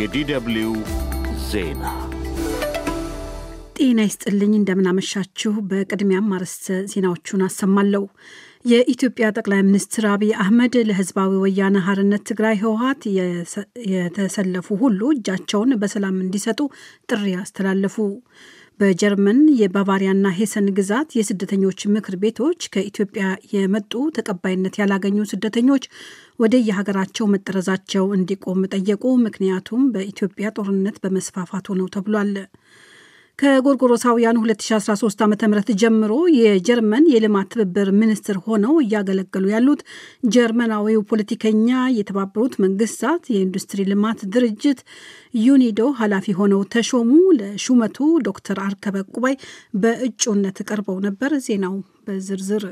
የዲደብሊው ዜና ጤና ይስጥልኝ። እንደምናመሻችሁ። በቅድሚያም አርዕስተ ዜናዎቹን አሰማለሁ። የኢትዮጵያ ጠቅላይ ሚኒስትር አብይ አህመድ ለህዝባዊ ወያነ ሀርነት ትግራይ ህወሀት የተሰለፉ ሁሉ እጃቸውን በሰላም እንዲሰጡ ጥሪ አስተላለፉ። በጀርመን የባቫሪያና ሄሰን ግዛት የስደተኞች ምክር ቤቶች ከኢትዮጵያ የመጡ ተቀባይነት ያላገኙ ስደተኞች ወደ የሀገራቸው መጠረዛቸው እንዲቆም ጠየቁ። ምክንያቱም በኢትዮጵያ ጦርነት በመስፋፋቱ ነው ተብሏል። ከጎርጎሮሳውያን 2013 ዓ ም ጀምሮ የጀርመን የልማት ትብብር ሚኒስትር ሆነው እያገለገሉ ያሉት ጀርመናዊው ፖለቲከኛ የተባበሩት መንግስታት የኢንዱስትሪ ልማት ድርጅት ዩኒዶ ኃላፊ ሆነው ተሾሙ። ለሹመቱ ዶክተር አርከበ ቁባይ በእጩነት ቀርበው ነበር። ዜናው በዝርዝር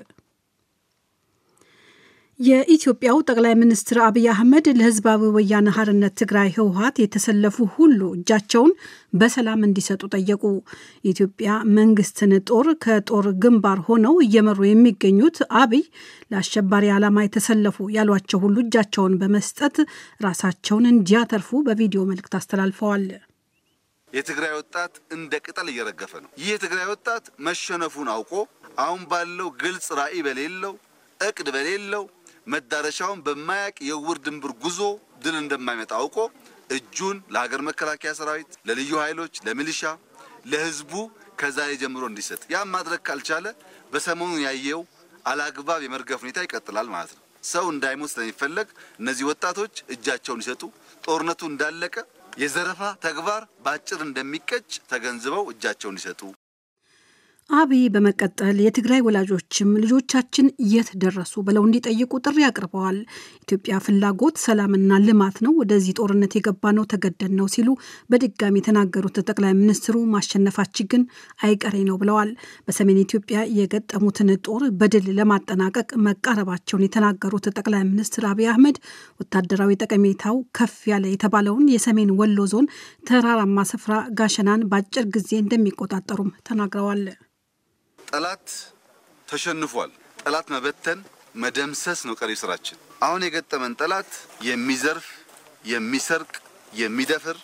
የኢትዮጵያው ጠቅላይ ሚኒስትር አብይ አህመድ ለህዝባዊ ወያነ ሀርነት ትግራይ ህወሀት የተሰለፉ ሁሉ እጃቸውን በሰላም እንዲሰጡ ጠየቁ። የኢትዮጵያ መንግስትን ጦር ከጦር ግንባር ሆነው እየመሩ የሚገኙት አብይ ለአሸባሪ ዓላማ የተሰለፉ ያሏቸው ሁሉ እጃቸውን በመስጠት ራሳቸውን እንዲያተርፉ በቪዲዮ መልእክት አስተላልፈዋል። የትግራይ ወጣት እንደ ቅጠል እየረገፈ ነው። ይህ የትግራይ ወጣት መሸነፉን አውቆ አሁን ባለው ግልጽ ራዕይ በሌለው እቅድ በሌለው መዳረሻውን በማያቅ የውር ድንብር ጉዞ ድል እንደማይመጣ አውቆ እጁን ለሀገር መከላከያ ሰራዊት፣ ለልዩ ኃይሎች፣ ለሚሊሻ፣ ለህዝቡ ከዛሬ ጀምሮ እንዲሰጥ ያም ማድረግ ካልቻለ በሰሞኑ ያየው አላግባብ የመርገፍ ሁኔታ ይቀጥላል ማለት ነው። ሰው እንዳይሞት ስለሚፈለግ እነዚህ ወጣቶች እጃቸውን ይሰጡ። ጦርነቱ እንዳለቀ የዘረፋ ተግባር በአጭር እንደሚቀጭ ተገንዝበው እጃቸውን ይሰጡ። አብይ በመቀጠል የትግራይ ወላጆችም ልጆቻችን የት ደረሱ ብለው እንዲጠይቁ ጥሪ አቅርበዋል። ኢትዮጵያ ፍላጎት ሰላምና ልማት ነው፣ ወደዚህ ጦርነት የገባ ነው ተገደን ነው ሲሉ በድጋሚ የተናገሩት ጠቅላይ ሚኒስትሩ ማሸነፋችን ግን አይቀሬ ነው ብለዋል። በሰሜን ኢትዮጵያ የገጠሙትን ጦር በድል ለማጠናቀቅ መቃረባቸውን የተናገሩት ጠቅላይ ሚኒስትር አብይ አህመድ ወታደራዊ ጠቀሜታው ከፍ ያለ የተባለውን የሰሜን ወሎ ዞን ተራራማ ስፍራ ጋሸናን በአጭር ጊዜ እንደሚቆጣጠሩም ተናግረዋል። ጠላት ተሸንፏል። ጠላት መበተን መደምሰስ ነው ቀሪ ስራችን። አሁን የገጠመን ጠላት የሚዘርፍ የሚሰርቅ፣ የሚደፍር፣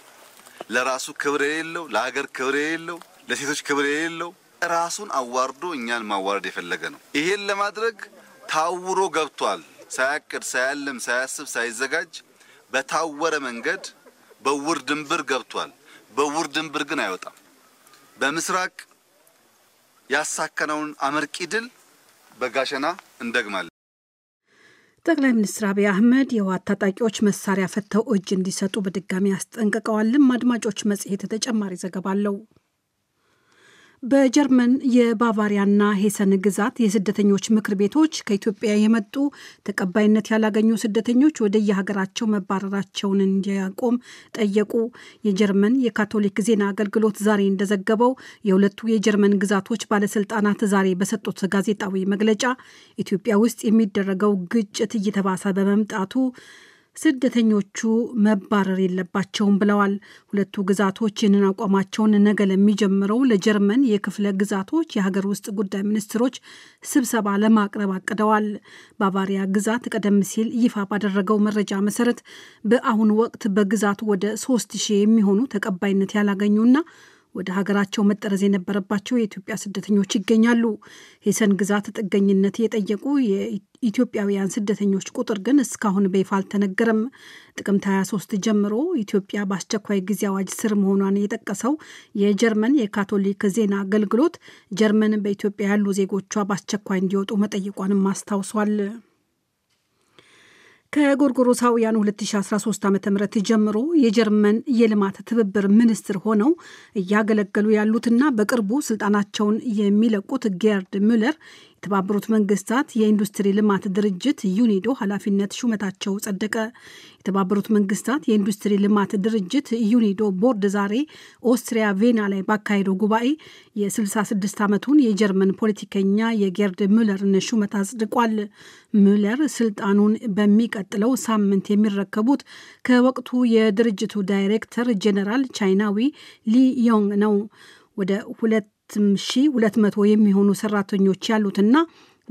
ለራሱ ክብር የሌለው፣ ለሀገር ክብር የሌለው፣ ለሴቶች ክብር የሌለው ራሱን አዋርዶ እኛን ማዋረድ የፈለገ ነው። ይሄን ለማድረግ ታውሮ ገብቷል። ሳያቅድ፣ ሳያልም፣ ሳያስብ፣ ሳይዘጋጅ በታወረ መንገድ በውር ድንብር ገብቷል። በውር ድንብር ግን አይወጣም። በምስራቅ ያሳከነውን አመርቂ ድል በጋሸና እንደግማለን። ጠቅላይ ሚኒስትር አብይ አህመድ የህወሓት ታጣቂዎች መሳሪያ ፈተው እጅ እንዲሰጡ በድጋሚ አስጠንቅቀዋልም። አድማጮች፣ መጽሔት ተጨማሪ ዘገባ አለው። በጀርመን የባቫሪያና ሄሰን ግዛት የስደተኞች ምክር ቤቶች ከኢትዮጵያ የመጡ ተቀባይነት ያላገኙ ስደተኞች ወደ የሀገራቸው መባረራቸውን እንዲያቆም ጠየቁ። የጀርመን የካቶሊክ ዜና አገልግሎት ዛሬ እንደዘገበው የሁለቱ የጀርመን ግዛቶች ባለስልጣናት ዛሬ በሰጡት ጋዜጣዊ መግለጫ ኢትዮጵያ ውስጥ የሚደረገው ግጭት እየተባሰ በመምጣቱ ስደተኞቹ መባረር የለባቸውም ብለዋል። ሁለቱ ግዛቶች ይህንን አቋማቸውን ነገ ለሚጀምረው ለጀርመን የክፍለ ግዛቶች የሀገር ውስጥ ጉዳይ ሚኒስትሮች ስብሰባ ለማቅረብ አቅደዋል። ባቫሪያ ግዛት ቀደም ሲል ይፋ ባደረገው መረጃ መሰረት በአሁኑ ወቅት በግዛቱ ወደ ሶስት ሺህ የሚሆኑ ተቀባይነት ያላገኙና ወደ ሀገራቸው መጠረዝ የነበረባቸው የኢትዮጵያ ስደተኞች ይገኛሉ። ሄሰን ግዛት ጥገኝነት የጠየቁ የኢትዮጵያውያን ስደተኞች ቁጥር ግን እስካሁን በይፋ አልተነገረም። ጥቅምት 23 ጀምሮ ኢትዮጵያ በአስቸኳይ ጊዜ አዋጅ ስር መሆኗን የጠቀሰው የጀርመን የካቶሊክ ዜና አገልግሎት ጀርመን በኢትዮጵያ ያሉ ዜጎቿ በአስቸኳይ እንዲወጡ መጠየቋንም አስታውሷል። ከጎርጎሮሳውያኑ 2013 ዓ ም ጀምሮ የጀርመን የልማት ትብብር ሚኒስትር ሆነው እያገለገሉ ያሉትና በቅርቡ ስልጣናቸውን የሚለቁት ጌርድ ሙለር የተባበሩት መንግስታት የኢንዱስትሪ ልማት ድርጅት ዩኒዶ ኃላፊነት ሹመታቸው ጸደቀ። የተባበሩት መንግስታት የኢንዱስትሪ ልማት ድርጅት ዩኒዶ ቦርድ ዛሬ ኦስትሪያ ቬና ላይ ባካሄደው ጉባኤ የ66 ዓመቱን የጀርመን ፖለቲከኛ የጌርድ ሙለርን ሹመት አጽድቋል። ሙለር ስልጣኑን በሚቀጥለው ሳምንት የሚረከቡት ከወቅቱ የድርጅቱ ዳይሬክተር ጄኔራል ቻይናዊ ሊ ዮንግ ነው። ወደ ሁለት 4200 የሚሆኑ ሰራተኞች ያሉትና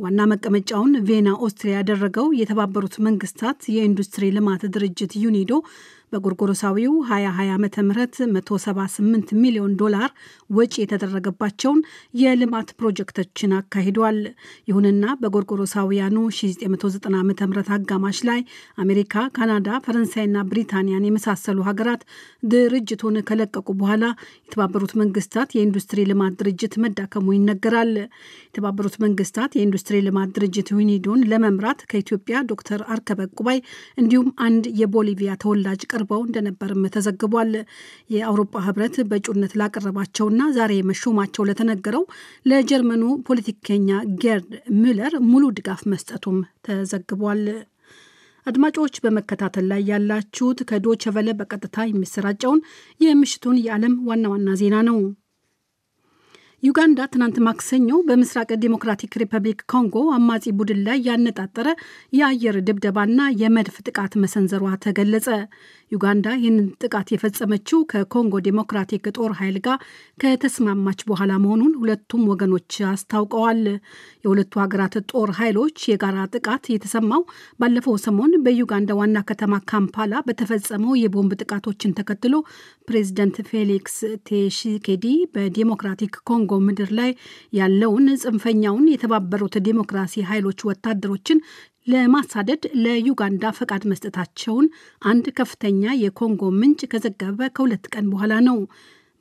ዋና መቀመጫውን ቬና ኦስትሪያ ያደረገው የተባበሩት መንግስታት የኢንዱስትሪ ልማት ድርጅት ዩኒዶ በጎርጎሮሳዊው 2020 ም 178 ሚሊዮን ዶላር ወጪ የተደረገባቸውን የልማት ፕሮጀክቶችን አካሂዷል። ይሁንና በጎርጎሮሳውያኑ 1990 ም አጋማሽ ላይ አሜሪካ፣ ካናዳ፣ ፈረንሳይና ብሪታንያን የመሳሰሉ ሀገራት ድርጅቱን ከለቀቁ በኋላ የተባበሩት መንግስታት የኢንዱስትሪ ልማት ድርጅት መዳከሙ ይነገራል። የተባበሩት መንግስታት የኢንዱስትሪ ልማት ድርጅት ዩኒዶን ለመምራት ከኢትዮጵያ ዶክተር አርከበ ቁባይ እንዲሁም አንድ የቦሊቪያ ተወላጅ አቅርበው እንደነበርም ተዘግቧል። የአውሮፓ ህብረት በእጩነት ላቀረባቸውና ዛሬ መሾማቸው ለተነገረው ለጀርመኑ ፖለቲከኛ ጌርድ ሚለር ሙሉ ድጋፍ መስጠቱም ተዘግቧል። አድማጮች በመከታተል ላይ ያላችሁት ከዶቸቨለ በቀጥታ የሚሰራጨውን የምሽቱን የዓለም ዋና ዋና ዜና ነው። ዩጋንዳ ትናንት ማክሰኞ በምስራቅ ዲሞክራቲክ ሪፐብሊክ ኮንጎ አማጺ ቡድን ላይ ያነጣጠረ የአየር ድብደባና የመድፍ ጥቃት መሰንዘሯ ተገለጸ። ዩጋንዳ ይህንን ጥቃት የፈጸመችው ከኮንጎ ዲሞክራቲክ ጦር ኃይል ጋር ከተስማማች በኋላ መሆኑን ሁለቱም ወገኖች አስታውቀዋል። የሁለቱ ሀገራት ጦር ኃይሎች የጋራ ጥቃት የተሰማው ባለፈው ሰሞን በዩጋንዳ ዋና ከተማ ካምፓላ በተፈጸመው የቦምብ ጥቃቶችን ተከትሎ ፕሬዚደንት ፌሊክስ ቴሺኬዲ በዲሞክራቲክ ኮንጎ በሜክሲኮ ምድር ላይ ያለውን ጽንፈኛውን የተባበሩት ዴሞክራሲ ኃይሎች ወታደሮችን ለማሳደድ ለዩጋንዳ ፈቃድ መስጠታቸውን አንድ ከፍተኛ የኮንጎ ምንጭ ከዘገበ ከሁለት ቀን በኋላ ነው።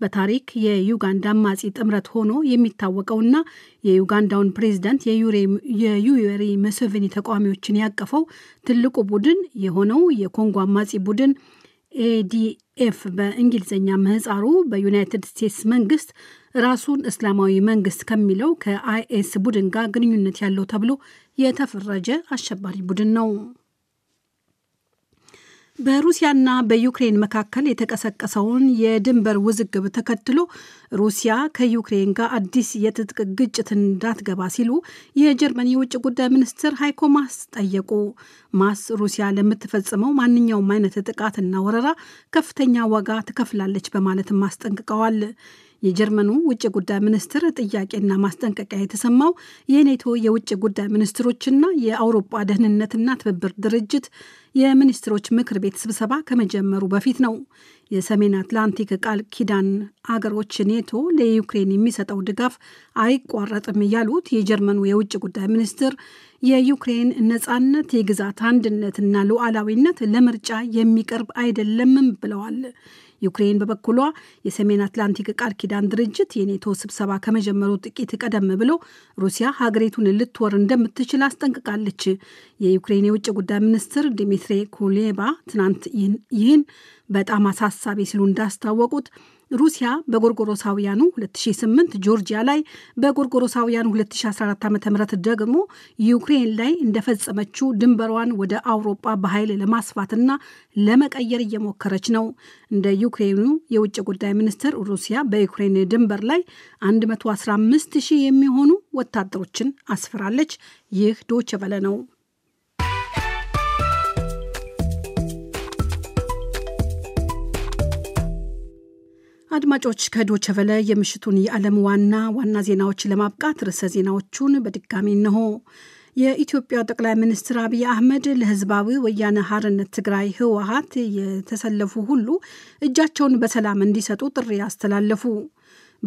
በታሪክ የዩጋንዳ አማጺ ጥምረት ሆኖ የሚታወቀውና የዩጋንዳውን ፕሬዚዳንት የዩዌሪ ሙሴቬኒ ተቃዋሚዎችን ያቀፈው ትልቁ ቡድን የሆነው የኮንጎ አማጺ ቡድን ኤዲኤፍ በእንግሊዝኛ ምህፃሩ በዩናይትድ ስቴትስ መንግስት ራሱን እስላማዊ መንግስት ከሚለው ከአይኤስ ቡድን ጋር ግንኙነት ያለው ተብሎ የተፈረጀ አሸባሪ ቡድን ነው። በሩሲያና በዩክሬን መካከል የተቀሰቀሰውን የድንበር ውዝግብ ተከትሎ ሩሲያ ከዩክሬን ጋር አዲስ የትጥቅ ግጭት እንዳትገባ ሲሉ የጀርመን የውጭ ጉዳይ ሚኒስትር ሃይኮ ማስ ጠየቁ። ማስ ሩሲያ ለምትፈጽመው ማንኛውም አይነት ጥቃትና ወረራ ከፍተኛ ዋጋ ትከፍላለች በማለትም አስጠንቅቀዋል። የጀርመኑ ውጭ ጉዳይ ሚኒስትር ጥያቄና ማስጠንቀቂያ የተሰማው የኔቶ የውጭ ጉዳይ ሚኒስትሮችና የአውሮፓ ደህንነትና ትብብር ድርጅት የሚኒስትሮች ምክር ቤት ስብሰባ ከመጀመሩ በፊት ነው። የሰሜን አትላንቲክ ቃል ኪዳን አገሮች ኔቶ ለዩክሬን የሚሰጠው ድጋፍ አይቋረጥም ያሉት የጀርመኑ የውጭ ጉዳይ ሚኒስትር የዩክሬን ነጻነት፣ የግዛት አንድነትና ሉዓላዊነት ለምርጫ የሚቀርብ አይደለምም ብለዋል። ዩክሬን በበኩሏ የሰሜን አትላንቲክ ቃል ኪዳን ድርጅት የኔቶ ስብሰባ ከመጀመሩ ጥቂት ቀደም ብሎ ሩሲያ ሀገሪቱን ልትወር እንደምትችል አስጠንቅቃለች። የዩክሬን የውጭ ጉዳይ ሚኒስትር ዲሚትሪ ኩሌባ ትናንት ይህን በጣም አሳሳቢ ሲሉ እንዳስታወቁት ሩሲያ በጎርጎሮሳውያኑ 2008 ጆርጂያ ላይ በጎርጎሮሳውያኑ 2014 ዓ ም ደግሞ ዩክሬን ላይ እንደፈጸመችው ድንበሯን ወደ አውሮጳ በኃይል ለማስፋትና ለመቀየር እየሞከረች ነው። እንደ ዩክሬኑ የውጭ ጉዳይ ሚኒስትር ሩሲያ በዩክሬን ድንበር ላይ 115 ሺህ የሚሆኑ ወታደሮችን አስፍራለች። ይህ ዶቸ ነው። አድማጮች ከዶቸቨለ የምሽቱን የዓለም ዋና ዋና ዜናዎች ለማብቃት ርዕሰ ዜናዎቹን በድጋሚ እነሆ። የኢትዮጵያ ጠቅላይ ሚኒስትር አብይ አህመድ ለህዝባዊ ወያነ ሀርነት ትግራይ ህወሀት የተሰለፉ ሁሉ እጃቸውን በሰላም እንዲሰጡ ጥሪ አስተላለፉ።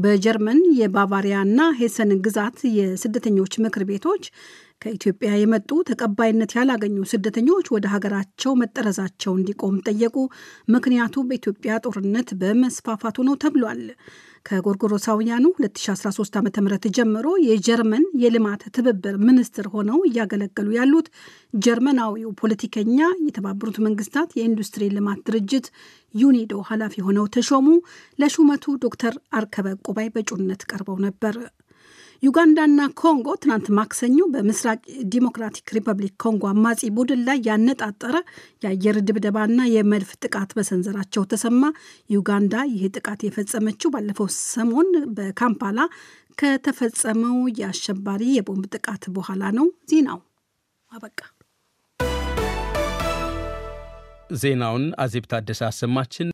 በጀርመን የባቫሪያና ሄሰን ግዛት የስደተኞች ምክር ቤቶች ከኢትዮጵያ የመጡ ተቀባይነት ያላገኙ ስደተኞች ወደ ሀገራቸው መጠረዛቸው እንዲቆም ጠየቁ። ምክንያቱ በኢትዮጵያ ጦርነት በመስፋፋቱ ነው ተብሏል። ከጎርጎሮሳውያኑ 2013 ዓ ም ጀምሮ የጀርመን የልማት ትብብር ሚኒስትር ሆነው እያገለገሉ ያሉት ጀርመናዊው ፖለቲከኛ የተባበሩት መንግስታት የኢንዱስትሪ ልማት ድርጅት ዩኒዶ ኃላፊ ሆነው ተሾሙ። ለሹመቱ ዶክተር አርከበ ቁባይ በእጩነት ቀርበው ነበር። ዩጋንዳና ኮንጎ ትናንት ማክሰኞ በምስራቅ ዲሞክራቲክ ሪፐብሊክ ኮንጎ አማጺ ቡድን ላይ ያነጣጠረ የአየር ድብደባና የመድፍ ጥቃት በሰንዘራቸው ተሰማ። ዩጋንዳ ይህ ጥቃት የፈጸመችው ባለፈው ሰሞን በካምፓላ ከተፈጸመው የአሸባሪ የቦምብ ጥቃት በኋላ ነው። ዜናው አበቃ። ዜናውን አዜብ ታደሰ አሰማችን።